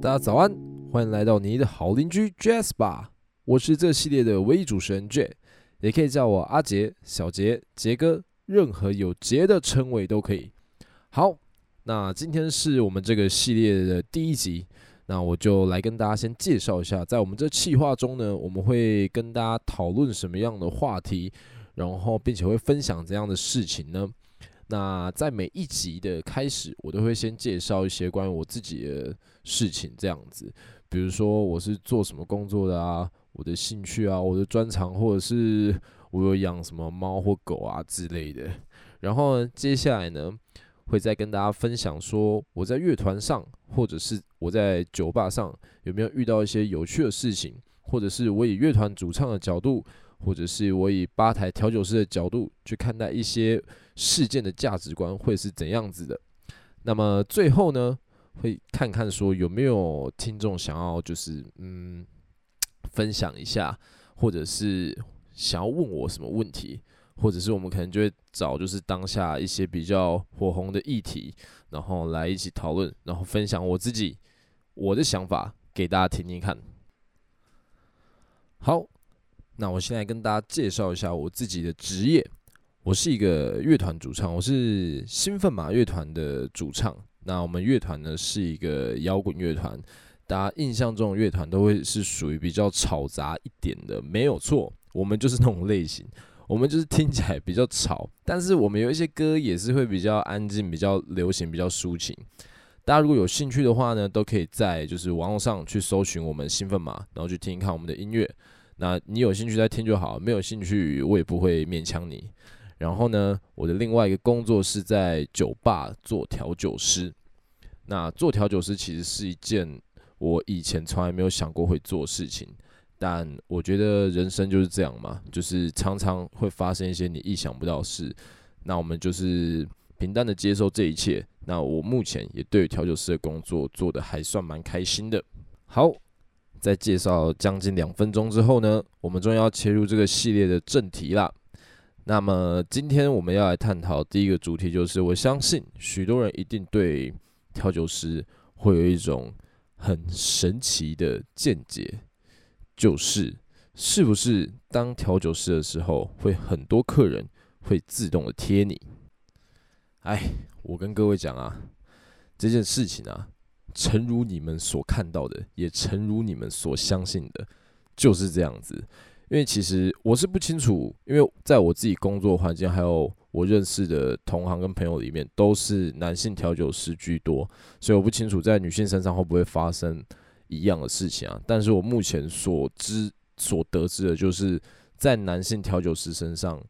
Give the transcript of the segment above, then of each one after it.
大家早安，歡迎來到你的好鄰居傑斯霸！我是這系列的唯一主持人 Jay，也可以叫我阿傑、小傑、傑哥，任何有“傑”的稱謂都可以。好，那今天是我們這個系列的第一集，那我就來跟大家先介紹一下，在我們這企劃中呢，我們會跟大家討論什麼樣的話題。然後，並且會分享這樣的事情呢。那在每一集的開始，我都會先介紹一些關於我自己的事情，這樣子，比如說我是做什麼工作的啊，我的興趣啊，我的專長，或者是我有養什麼貓或狗啊之類的。然後呢，接下來呢，會再跟大家分享說我在樂團上，或者是我在酒吧上有沒有遇到一些有趣的事情，或者是我以樂團主唱的角度。或者是我以吧台調酒師的角度去看待一些事件的價值觀會是怎樣子的？那麼最後呢，會看看說有沒有聽眾想要就是嗯分享一下，或者是想要問我什麼問題，或者是我們可能就會找就是當下一些比較火紅的議題，然後來一起討論，然後分享我自己我的想法給大家聽聽看。好。那我現在跟大家介紹一下我自己的職業，我是一個樂團主唱，我是興奮馬樂團的主唱。那我們樂團呢是一個搖滾樂團，大家印象中的樂團都會是屬於比較吵雜一點的，沒有錯，我們就是那種類型，我們就是聽起來比較吵，但是我們有一些歌也是會比較安靜、比較流行、比較抒情。大家如果有興趣的話呢，都可以在就是網絡上去搜尋我們興奮馬，然後去聽一看我們的音樂。那你有興趣再聽就好，沒有興趣我也不會勉強你。然後呢，我的另外一個工作是在酒吧做調酒師。那做調酒師其實是一件我以前從來沒有想過會做的事情，但我覺得人生就是這樣嘛，就是常常會發生一些你意想不到的事。那我們就是平淡的接受這一切。那我目前也對調酒師的工作做得還算蠻開心的。好。在介紹將近兩分鐘之後呢，我們終於要切入這個系列的正題啦。那麼今天我們要來探討第一個主題，就是我相信許多人一定對調酒師會有一種很神奇的見解，就是是不是當調酒師的時候，會很多客人會自動的貼你？哎，我跟各位講啊，這件事情啊。誠如你們所看到的，也誠如你們所相信的，就是這樣子。因為其實我是不清楚，因為在我自己工作環境，還有我認識的同行跟朋友裡面，都是男性調酒師居多，所以我不清楚在女性身上會不會發生一樣的事情啊。但是我目前所知、所得知的就是，在男性調酒師身上，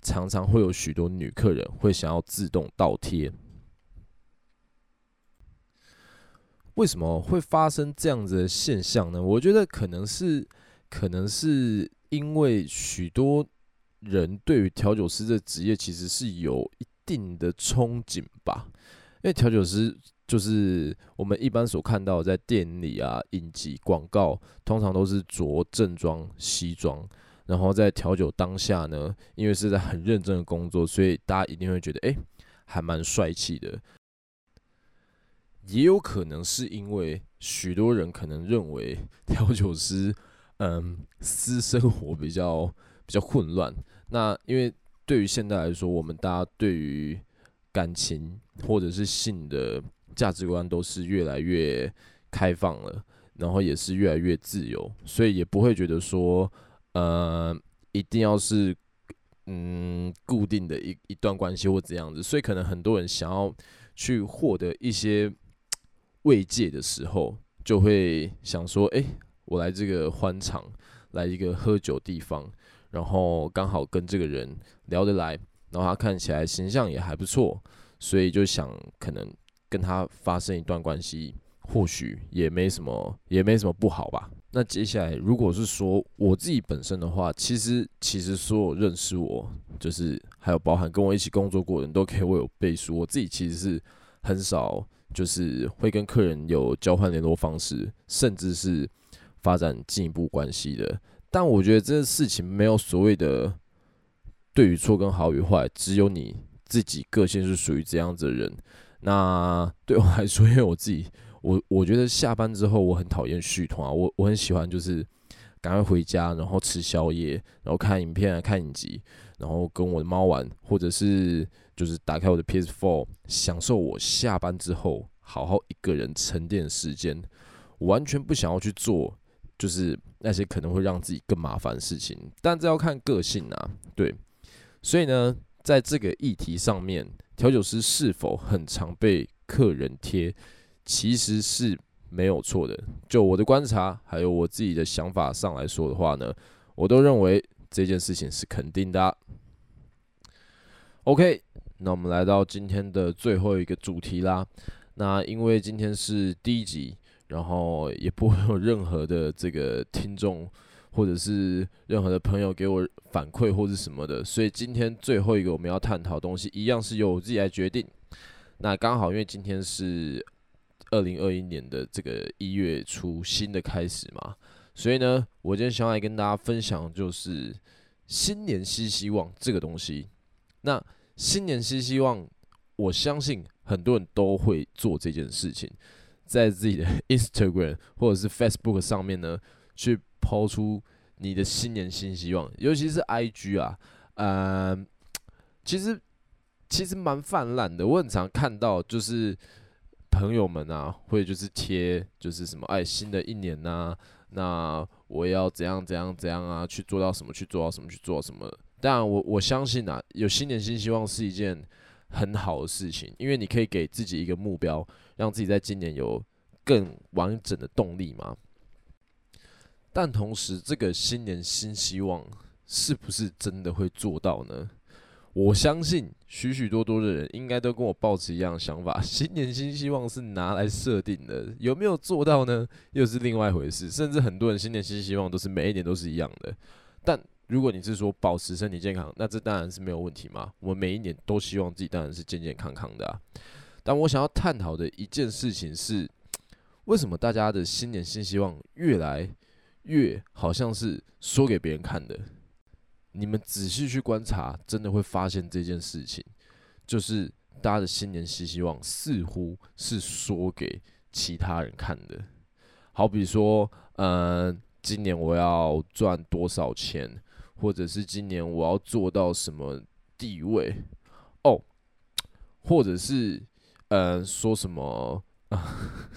常常會有許多女客人會想要自動倒貼。為什麼會發生這樣子的現象呢？我覺得可能是，可能是因為許多人對於調酒師這職業其實是有一定的憧憬吧。因為調酒師就是我們一般所看到在店裡啊、影集、廣告，通常都是着正裝西裝，然後在調酒當下呢，因為是在很認真的工作，所以大家一定會覺得，誒，還蠻帥氣的。也有可能是因為許多人可能認為調酒師，嗯，私生活比較比較混亂。那因為對於現在來說，我們大家對於感情或者是性的價值觀都是越來越開放了，然後也是越來越自由，所以也不會覺得說，呃、嗯，一定要是嗯固定的一一段關係或這樣子。所以可能很多人想要去獲得一些。慰藉的時候，就會想說：哎、欸，我來這個歡場，來一個喝酒地方，然後剛好跟這個人聊得來，然後他看起來形象也還不錯，所以就想可能跟他發生一段關係，或許也沒什麼，也沒什麼不好吧。那接下來，如果是說我自己本身的話，其實其實所有認識我，就是還有包含跟我一起工作過的人都可以為我背書，我自己其實是很少。就是會跟客人有交換聯絡方式，甚至是發展進一步關係的。但我覺得這個事情，沒有所謂的對與錯跟好與壞，只有你自己個性是屬於這樣子的人。那對我來說，因為我自己，我我覺得下班之後我很討厭續攤啊，我我很喜歡就是。趕快回家，然後吃宵夜，然後看影片、看影集，然後跟我的貓玩，或者是就是打開我的 PS4，享受我下班之後好好一個人沉澱的時間。我完全不想要去做，就是那些可能會讓自己更麻煩的事情。但這要看個性啊，對。所以呢，在這個議題上面，調酒師是否很常被客人貼，其實是。沒有錯的，就我的觀察，還有我自己的想法上來說的話呢，我都認為這件事情是肯定的啊。OK，那我們來到今天的最後一個主題啦。那因為今天是第一集，然後也不會有任何的這個聽眾或者是任何的朋友給我反饋或是什麼的，所以今天最後一個我們要探討的東西，一樣是由我自己來決定。那剛好因為今天是，二零二一年的這個一月初，新的開始嘛，所以呢，我今天想要來跟大家分享，就是新年新希望這個東西。那新年新希望，我相信很多人都會做這件事情，在自己的 Instagram 或者是 Facebook 上面呢，去拋出你的新年新希望，尤其是 IG 啊，嗯，其實其實蠻泛濫的，我很常看到就是。朋友們啊，會就是貼，就是什麼哎，新的一年呐、啊，那我要怎樣怎樣怎樣啊，去做到什麼，去做到什麼，去做什麼。當然，我我相信啊，有新年新希望是一件很好的事情，因為你可以給自己一個目標，讓自己在今年有更完整的動力嘛。但同時，這個新年新希望是不是真的會做到呢？我相信許許多多的人應該都跟我抱持一樣的想法，新年新希望是拿來設定的，有沒有做到呢？又是另外一回事。甚至很多人新年新希望都是每一年都是一樣的。但如果你是說保持身體健康，那這當然是沒有問題嘛。我們每一年都希望自己當然是健健康康的啊。但我想要探討的一件事情是，為什麼大家的新年新希望越來越好像是說給別人看的？你們仔細去觀察，真的會發現這件事情，就是大家的新年新希望似乎是說給其他人看的。好比說，嗯、呃，今年我要賺多少錢，或者是今年我要做到什麼地位哦，或者是嗯、呃，說什麼、啊呵呵，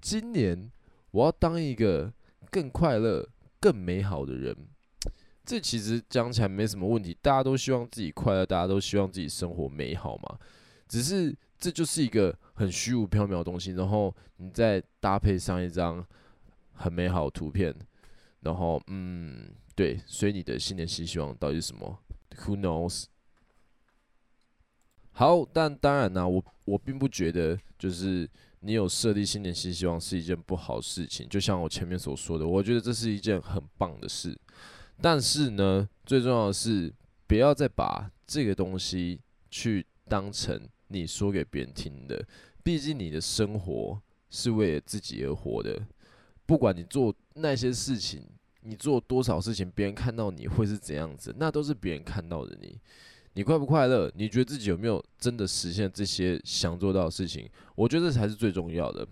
今年我要當一個更快樂、更美好的人。這其實講起來沒什麼問題，大家都希望自己快樂，大家都希望自己生活美好嘛。只是這就是一個很虛無縹緲的東西，然後你再搭配上一張很美好的圖片，然後嗯，對，所以你的新年新希望到底是什麼？Who knows？好，但當然呢、啊，我我並不覺得就是你有設立新年新希望是一件不好事情，就像我前面所說的，我覺得這是一件很棒的事。但是呢，最重要的是，不要再把這個東西去當成你說給別人聽的。畢竟你的生活是為了自己而活的，不管你做那些事情，你做多少事情，別人看到你會是怎樣子，那都是別人看到的你。你快不快樂？你覺得自己有沒有真的實現這些想做到的事情？我覺得這才是最重要的。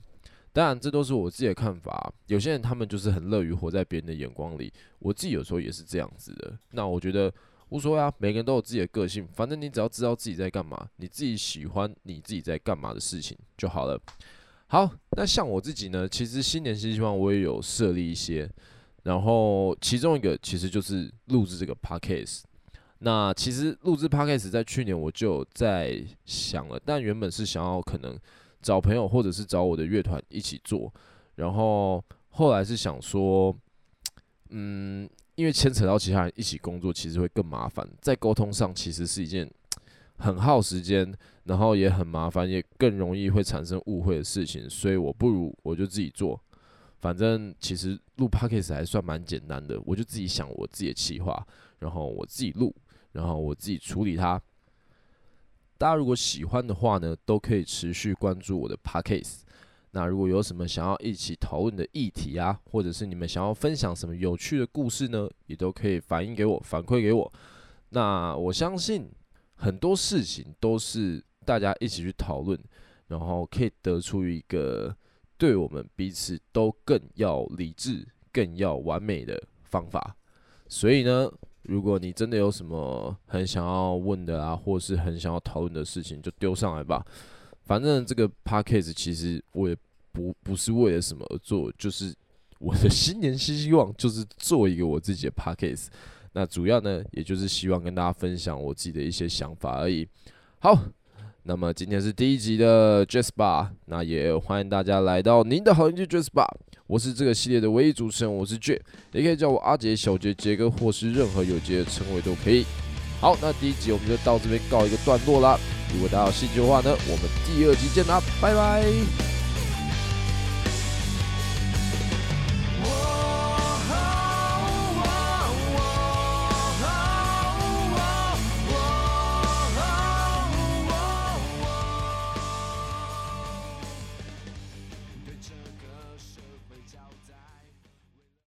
當然，這都是我自己的看法。有些人他們就是很樂於活在別人的眼光裡。我自己有時候也是這樣子的。那我覺得無所謂啊，每個人都有自己的個性。反正你只要知道自己在幹嘛，你自己喜歡你自己在幹嘛的事情就好了。好，那像我自己呢，其實新年新希望我也有設立一些，然後其中一個其實就是錄制這個 podcast。那其實錄制 podcast 在去年我就在想了，但原本是想要可能。找朋友，或者是找我的樂團一起做，然後後來是想說，嗯，因為牽扯到其他人一起工作，其實會更麻煩，在溝通上其實是一件很耗時間，然後也很麻煩，也更容易會產生誤會的事情，所以我不如我就自己做，反正其實錄 podcast 還算蠻簡單的，我就自己想我自己的企劃，然後我自己錄，然後我自己處理它。大家如果喜歡的話呢，都可以持續關注我的 podcast。那如果有什麼想要一起討論的議題啊，或者是你們想要分享什麼有趣的故事呢，也都可以反映給我，反饋給我。那我相信很多事情都是大家一起去討論，然後可以得出一個對我們彼此都更要理智、更要完美的方法。所以呢。如果你真的有什麼很想要問的啊，或是很想要討論的事情，就丟上來吧。反正這個 podcast 其實我也不不是為了什麼而做，就是我的新年新希望，就是做一個我自己的 podcast。那主要呢，也就是希望跟大家分享我自己的一些想法而已。好。那麼今天是第一集的杰斯霸，那也歡迎大家來到您的好鄰居杰斯霸。我是這個系列的唯一主持人，我是杰，你可以叫我阿杰、小杰、杰哥，或是任何有杰的稱謂都可以。好，那第一集我們就到這邊告一個段落啦。如果大家有興趣的話呢，我們第二集見啦，拜拜。